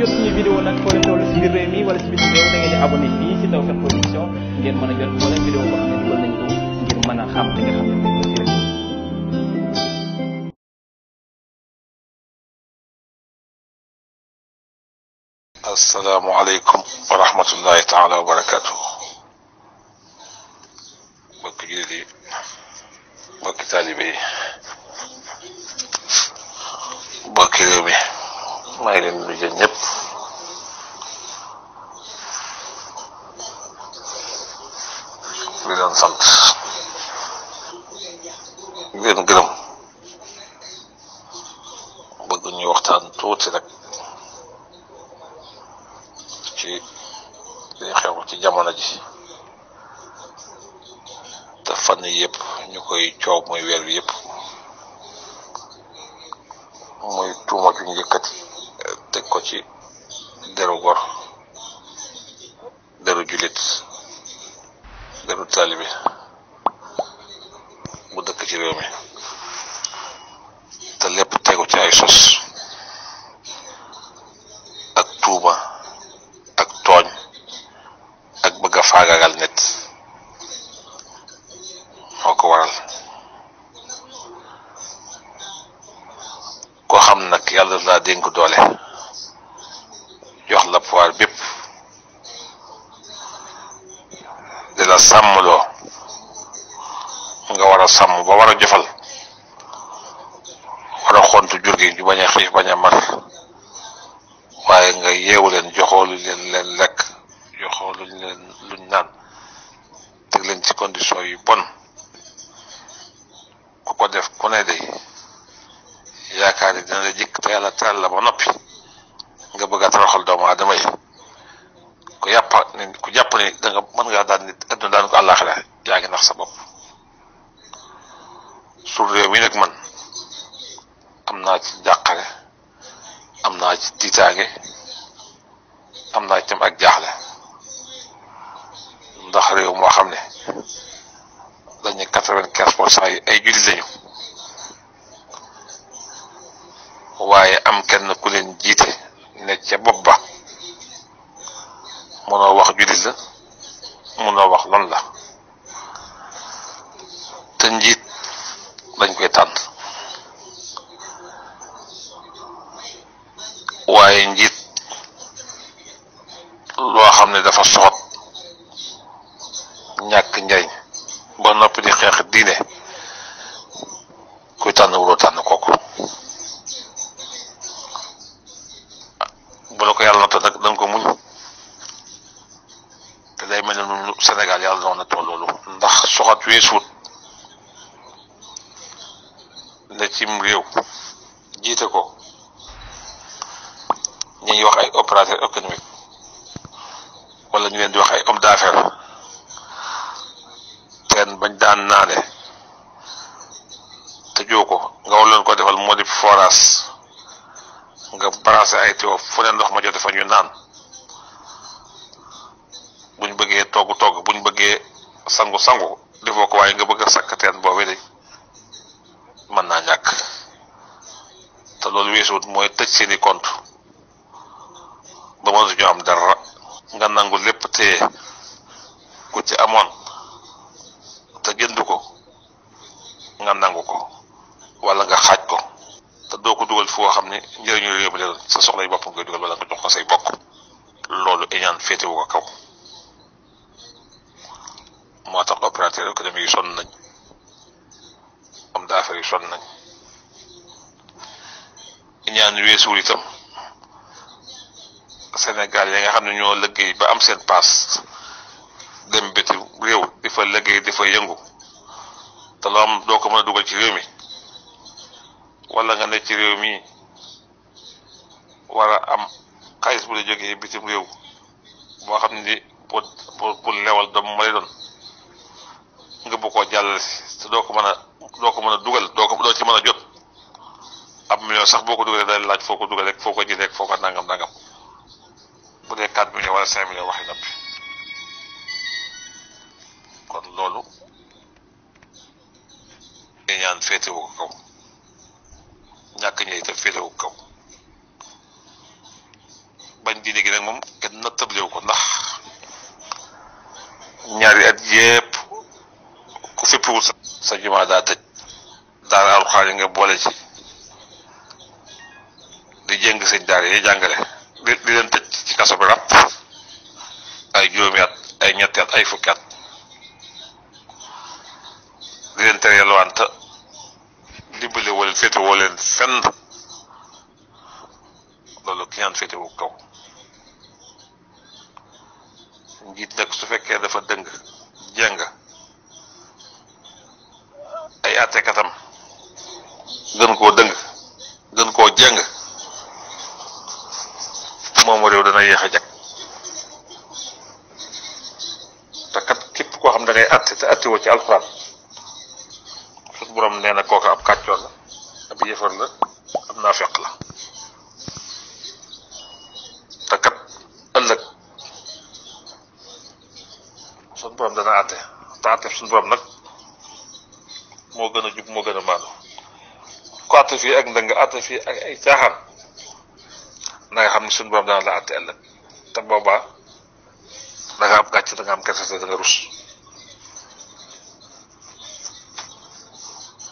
jot suñu vidéo nag foo leen toll si biir réew mi wala si biir réew da ngeen di abonné fii si Tawfekh Production ngeen mën a jot wala vidéo boo xam ne dugal nañ ko ngir mën a xam li nga xam ne moom lañ asalaamaaleykum wa rahmatullahi taala wa barakaatu mbokki jullit yi mbokki taalibe yi mbokki réew mi maa ngi leen di nuyu ñëpp li xew ci jamono ji te fan yëpp ñu koy coow mooy weer bi yëpp muy tuuma ju njëkkati teg ko ci deru gor deru julit deru taalibe bu dëkk ci réew mi te lépp tegu ci sos nga war a sàmm ba war a jëfal war a xontu jur gi ñu bañ xiif bañ mar waaye nga yeewu leen joxoo luñ leen leen lekk luñ leen luñ naan teg leen ci condition yu bon ku ko def ku ne day yaakaar yi dina la jëkk te la ba noppi nga bëgg a toroxal doomu aadama yi ku yàpp ne ku jàpp da nga mën ngaa daan nit adduna daan ko nax sa bopp suñ réew mi nag man am naa ci jàqare am naa ci tiitaange am naa ci tam ak jaaxle ndax réew moo xam ne dañu quatre-vingt-quinze pour cent yi ay jullit lañu waaye am kenn ku leen jiite ne ca bopp ba mënoo wax jullit la mënoo wax lan la te njiit tànn waaye njiit loo xam ne dafa soxot ñàkk njariñ ba noppi di xeex diine kuy tànn wuroo tànn kooku bu la ko yàlla nattoo nag da nga ko muñ te day mel ne ñun Sénégal yàlla noonu na tool loolu ndax soxat weesu cim réew jiite ko ñuy wax ay opérateur économique wala ñu leen di wax ay homme d'affaires teen bañ daan naane te joo ko nga war leen ko defal moo di forage nga branché ay tuyau fu ne ndox ma jote fa ñu naan buñ bëggee togg togg buñ bëggee sangu sangu defoo ko waaye nga bëgg a arrangé mooy tëj seeni compte ba mënatuñu am dara nga nangu lépp téye ku ci amoon te jënd ko nga nangu ko wala nga xaaj ko te doo ko dugal foo xam ne njëriñu réew mi la sa soxlay bopp nga koy dugal wala nga jox ko say bokk loolu iñaan féetewu ko kaw moo tax opérateur économique yi sonn nañ homme d'affaires yi son nañ ñaan weesuwul tam Sénégal yi nga xam ne ñoo liggéey ba am seen paas dem biti réew di fa liggéey di fa yëngu te loo am doo ko mën a dugal ci réew mi wala nga ci réew mi war am xaalis bu la jógee réew boo xam ne ni pour pour lewal doom nga bu koo jàllale si te doo ko mën a doo ko mën a dugal doo ko ci mën a jot. ab million sax boo ko dugalee daal laaj foo ko dugalee foo ko jëlee foo ko nangam nangam bu dee quatre millions wala cinq millions waxi noppi kon loolu ñaan féetewu ko kaw ñàkk ñëw te féetewu ko kaw bañ diine gi nag moom kenn nattablewu ko ndax ñaari at yépp ku fippiwul sa sa jumaa daa tëj daara alxaar nga boole jëng sëñ daara yi jàngale di di leen tëj ci kaso bi ràpp ay juróomi at ay ñetti at ay fukki at di leen tere yalwaante dimbale woo woo leen fenn loolu ki ñaan féete wu kaw njiit nag su fekkee dafa dëng jeng ay àtte katam koo dëng yéex jag te kat képp koo xam da ngay àtte te àttewoo ci alxuraan suñu borom nee na kooka ab kàccoor la ab yéefar la ab naafeq la te kat ëllëg suñu borom dana àtte te nag moo gën a jub moo gën a maanu ku àtte fii ak ndëng àtte fii ay caaxaan. da nga xam ne suñu borom dana la àtte ëllëg te boobaa da nga am gàcc da nga am kersa da nga rus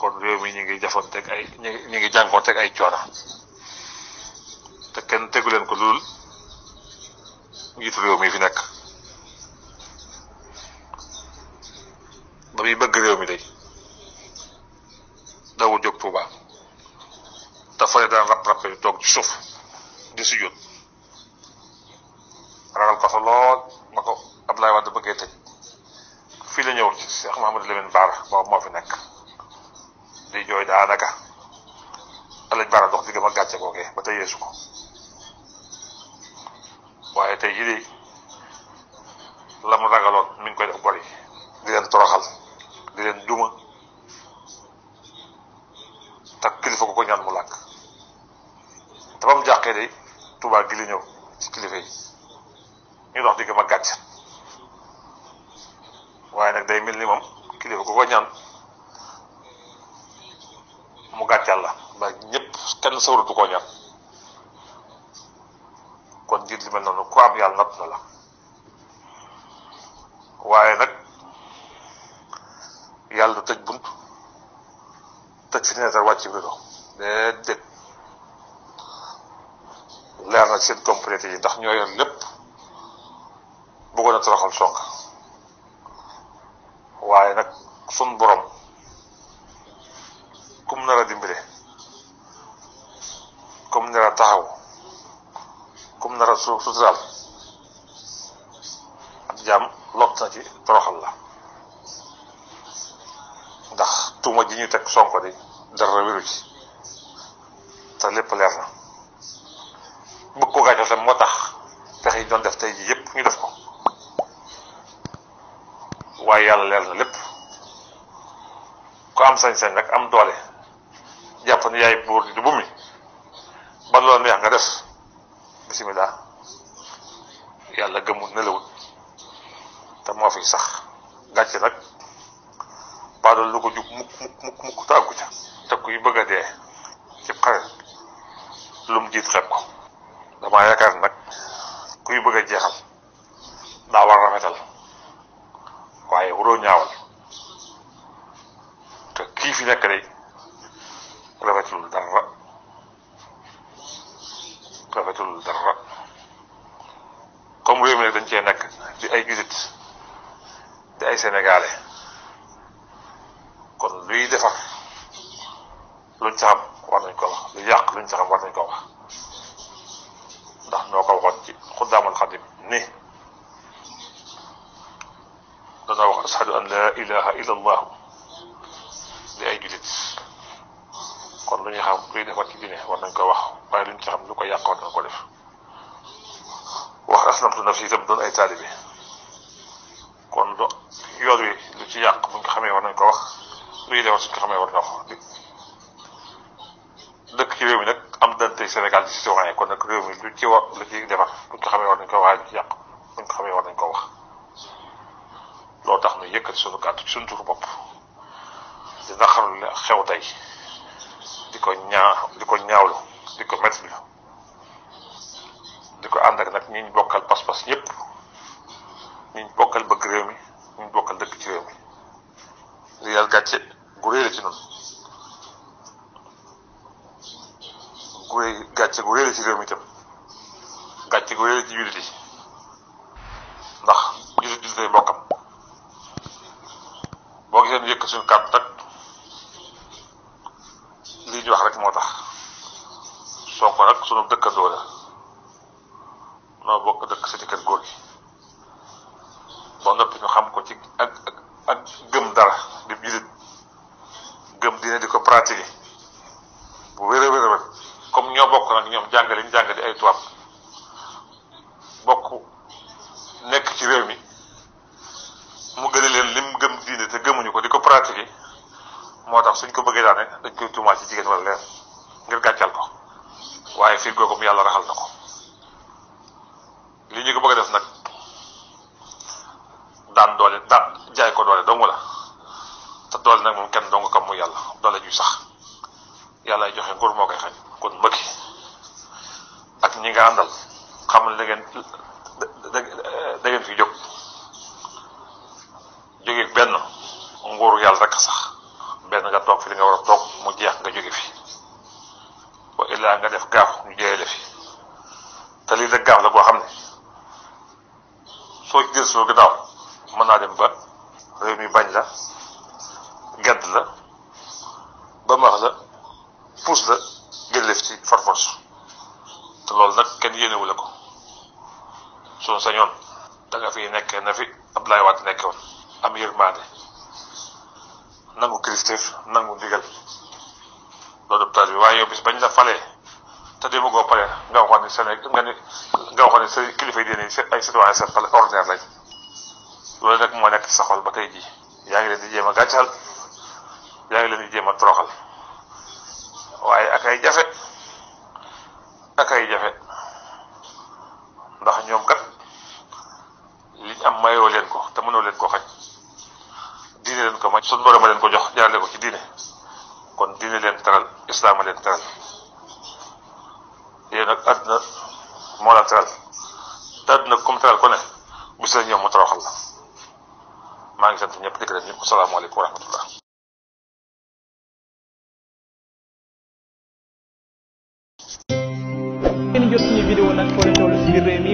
kon réew mi ñu ngi jafoonteeg ay ñu ngi ñu ngi ay coono te kenn tegu leen ko mu njiitu réew mi fi nekk ba muy bëgg réew mi de dawul jóg Tuuba te fële daan rap-rappe toog ci suuf. di sujjóot ragal ko fa lool ba ko Abdoulaye Wade bëggee tëj fii la ñëwul ci Cheikh Mouhamadou Lamine Bara boobu moo fi nekk di jooy daanaka alañ Bara dox diggam ak gàcce googee ba tey yeesu ko waaye tey jii de la ragaloon mi koy def bori di leen toroxal di leen duma tak kilifa ko ko ñaan mu làkk te ba de Touba gi ñëw ci kilifa yi ñu dox digg ma gàcc waaye nag day mel ni moom kilifa ku ko ñaan mu gàccal la ba ñëpp kenn sawratu koo ñaan kon jiit li mel noonu ku am yàlla natt na la waaye nag yàlla du tëj bunt tëj fi wàcc bi do déedéet leer na seen complété yi ndax ñoo yor lépp bëggoon a toroxal waaye nag sun borom kum nar a dimbale kum nar a taxaw kum nar a su suturaal ab jaam lott ci toroxal la ndax tuuma ji ñu teg Sonko di dara wéru ci te lépp leer na bëgg koo gaañoo tam moo tax pexe yi doon def tey jii yëpp ñu def ko waaye yàlla leer na lépp ku am sañ-sañ rek am doole jàpp ne yaay buur di bu mi ba loolu neex nga def bisimilah yàlla gëmul nelawul te moo fi sax gàcce nag baadool lu ko jub mukk mukk mukk mukk tàggu ca te kuy bëgg a dee ci xare lu mu jiit xeeb ko damaa yaakaar nag kuy bëgg a jeexal daa war rafetal waaye waroo ñaawal te kii fi nekk day rafetul dara rafetul dara comme dañ cee nekk di ay jullit di ay sénégalais luy defar luñ ca war nañ ko wax lu yàq luñ ca war nañ ko wax ñoo ko waxoon ci xuddaamul xadim ni dana wax ashadu an laa ilaha illa allah li ay julit kon lu ñu xam luy defar ci diine war nañ ko wax waaye lu ñu ci xam lu ko yàq war nañ ko def wax aslamtu nafsi itam doon ay taalibe kon lu yoon wi lu ci yàq buñ ko xamee war nañ ko wax luy defar suñ ko xamee war na ko dëkk ci réew mi nag tey Sénégal di si waxee kon nag réew mi lu ci war lu ci defar buñ ko xamee war nañ ko waxee yàq buñ ko xamee war nañ ko wax loolu tax nu yëkkati sunu kàddu suñ sunu turu bopp di xew tey di ko ñaa di ko ñaawlu di ko mettlu di ko ànd ak nag ñi bokkal pas-pas ñëpp ñi ñu bokkal bëgg réew mi ñi ñu bokkal dëkk ci réew mi di yàlla gàcce gu réer ci noonu. gu gàcce gu réer ci réew mi itam gàcce gu réer ci jullit yi ndax jullit jullit ay bokkam boo gisee ñu yëkk suñu kàddu nag lii ñu wax rek moo tax Sonko nag sunu dëkkandoo la noo bokk dëkk si kër góor gi ba noppi ñu xam ko ci ak ak gëm dara di jullit gëm dina di ko pratique jàngale ñu jàngale ay tubaab bokk nekk ci réew mi mu gën a leen lim gëm diine te gëmuñu ko di ko pratiquer moo tax suñ ko bëggee daane dañ koy tuumaal ci jigéen wala leer ngir gàccal ko waaye fii googu mu yàlla raxal na ko li ñu ko bëgg def nag daan doole daan jaay ko doole dong la te doole nag moom kenn dong kam mu yàlla doole ñuy sax yàlla joxe nguur moo koy xañ kon mbëkki ak ñi nga àndal xam da ngeen da fi jóg jóge benn nguur yàlla rek sax benn nga toog fi li nga war a toog mu jeex nga jóge fi wa illaa nga def gaaf ñu jëlee la fi te lii da gaaf la boo xam ne soo ci gëstoo kenn yéenewu la ko sunu sañoon da fi nekkee na fi Abdoulaye Wade nekkoon am yërmaande nangu kilifteef nangu ndigal loolu taal bi waaye yow bañ la falee te dee bëggoo pare nga waxoon ne Sénégal seen kilifa yi di seen pale ordinaire lañ loolu nag moo nekk sa xol ba tey jii yaa ngi leen di jéem a gàccal yaa ngi leen di jéem a toroxal waaye ak jafe ak jafe ndax ñoom kat liñ am mayoo leen ko te mënoo leen ko xaj diine leen ko may suñ borom leen ko jox jaarale ko ci diine kon diine leen teral islaama leen teral yéen nag àdduna moo la teral te àdduna comme teral ko ne bis la ñëw mu toroxal la maa ngi sant ñëpp di ko def ñëpp asalaamaaleykum wa rahmatullah